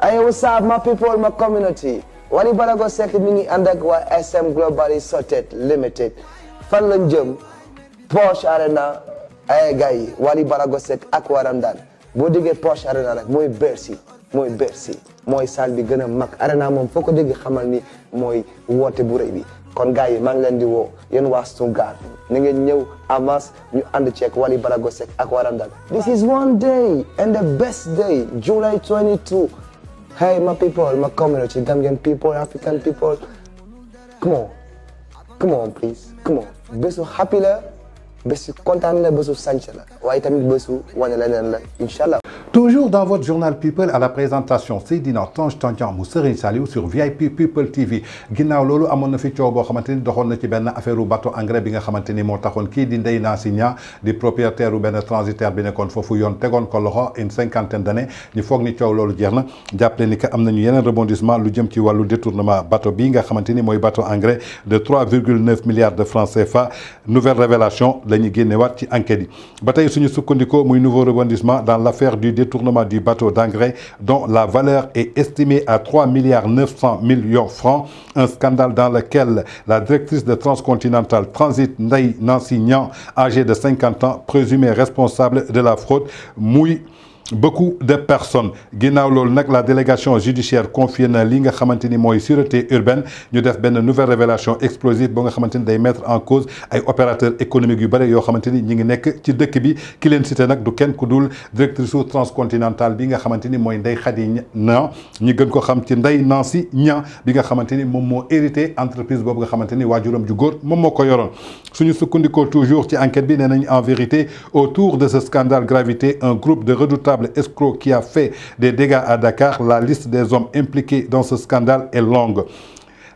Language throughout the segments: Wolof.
Hey, what's up, my people, my community? Wally Balago Seck mi ngi ànd ak waa SM Global Sorted Limited fan lañ jëm Porsche Arena ay gars yi Wally ak waa Ramdan boo déggee Porsche Arena nag mooy Bercy mooy Bercy mooy salle bi gën a mag Arena moom foo ko dégg xamal ni mooy woote bu rëy bi. kon gars yi maa ngi leen di woo yéen waa Stuttgart na ngeen ñëw avance ñu ànd ceeg wali Balago Seck ak Warandal this is one day and the best day July 22 hey ma people ma community Gambian people African people come on come on please come on bésu happy la bésu kontaan la bésu sànc la waaye tamit bésu wane leneen la incha allah Toujours dans votre journal People à la présentation Seydina Tange Tandian Mousser. Serigne Saliou sur VIP People TV ginnaaw Lolo, amoon na fi coow boo de ni na ci affaire bateau engrais, bi nga xamante ni moo taxoon kii di propriétaires ou Nia di transitaires, u benn transitaire bi nekkoon foofu une cinquantaine d'années Ni foog ni coow loolu jeex na ni que am rebondissement lu jëm ci détournement bateau binga nga xamante bateau engrais, de 3,9 milliards de francs CFA nouvelle révélation la ñu génnewaat ci enquête yi ba tey suñu sukkandikoo muy nouveau rebondissement dans l'affaire du tournement du bateau d'engrais dont la valeur est estimée à 3 milliards 900 millions francs, un scandale dans lequel la directrice de Transcontinental Transit Nancy Nansignan, âgée de 50 ans, présumée responsable de la fraude, mouille beaucoup de personnes ginaaw lol nak la délégation judiciaire confie na li nga xamanteni moy mooy sûreté urbaine ñu def ben nouvelle révélation explosive bo nga xamanteni day mettre en cause ay opérateurs économiques yu bari yo xamanteni ñi ngi nekk ci dëkk bi ki leen cité nak du kenn ku dul directrice transcontinentale bi nga xamanteni moy mooy Ndeye na ñi gën ko xam ci Ndeye Nancy Nya. bi nga xamanteni mom mo hérité entreprise boobu nga xamanteni ni ju góor mom moko yoron suñu sukkandikoo toujours ci enquête bi nee en vérité autour de ce scandale gravité un groupe de redoutables escroc qui a fait des dégâts à Dakar, la liste des hommes impliqués dans ce scandale est longue.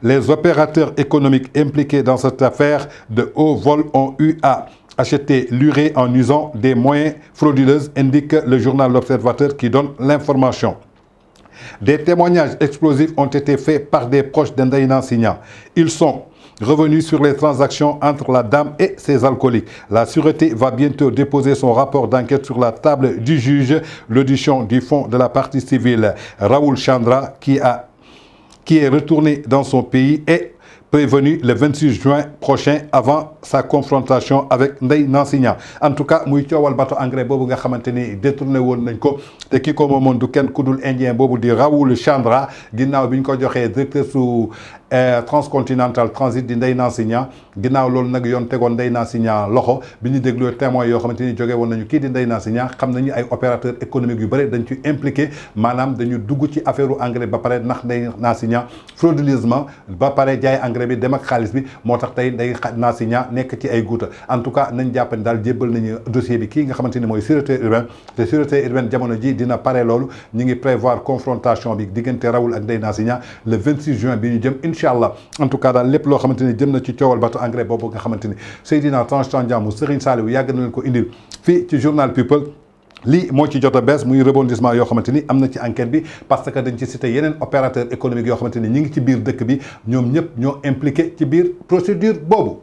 Les opérateurs économiques impliqués dans cette affaire de haut vol ont eu à acheter l'urée en usant des moyens frauduleux, indique le journal L'Observateur qui donne l'information. Des témoignages explosifs ont été faits par des proches d'Endaïna Signa. Ils sont revenu sur les transactions entre la dame et ses alcooliques. La sûreté va bientôt déposer son rapport d'enquête sur la table du juge. L'audition du fonds de la partie civile, Raoul Chandra, qui a qui est retourné dans son pays et prévenu le 26 juin prochain avant sa confrontation avec Ndeye Nansigna en tout cas muy Walbato bato engrais boobu nga xamante détourné woon nañ ko te ki ko moomoon indien boobu di Rahul Chandra ginnaaw bi ñu ko joxee directeur su euh, transcontinental transit di Ndeye Nansigna ginnaaw lol nag yoon tegoon Ndeye Nansigna loxo bi ñu dégloo témoins yoo xamante ni jóge woon nañu kii di Ndeye Nansigna xam ay opérateurs économiques yu bëri dañ ci impliqué Madame dañu dugg ci affaire engrais ba pare ndax Ndeye Nansigna frauduleusement ba pare jaay secret bi dem ak xaalis bi moo tax tey day Nancy Nia nekk ci ay guuta en tout cas nañ jàpp ne daal nañu dossier bi kii nga xamante ni sûreté urbaine te sûreté urbaine jamono ji dina pare loolu ñi ngi prévoir confrontation bi diggante Raoul ak Ndeye Nancy Nia le 26 juin bi ñu jëm incha allah en tout cas daal lépp loo xamante ni na ci coowal bato engrais boobu nga xamante ni Seydina Tange Tandian mu Serigne Saliou yàgg na leen ko indil fii ci journal People lii moo ci jot a bees muy rebondissement yoo xamante ni am na ci enquête bi parce que dañ ci cité yeneen opérateur économique yoo xamante ni ñu ngi ci biir dëkk bi ñoom ñëpp ñoo impliqué ci biir procédure boobu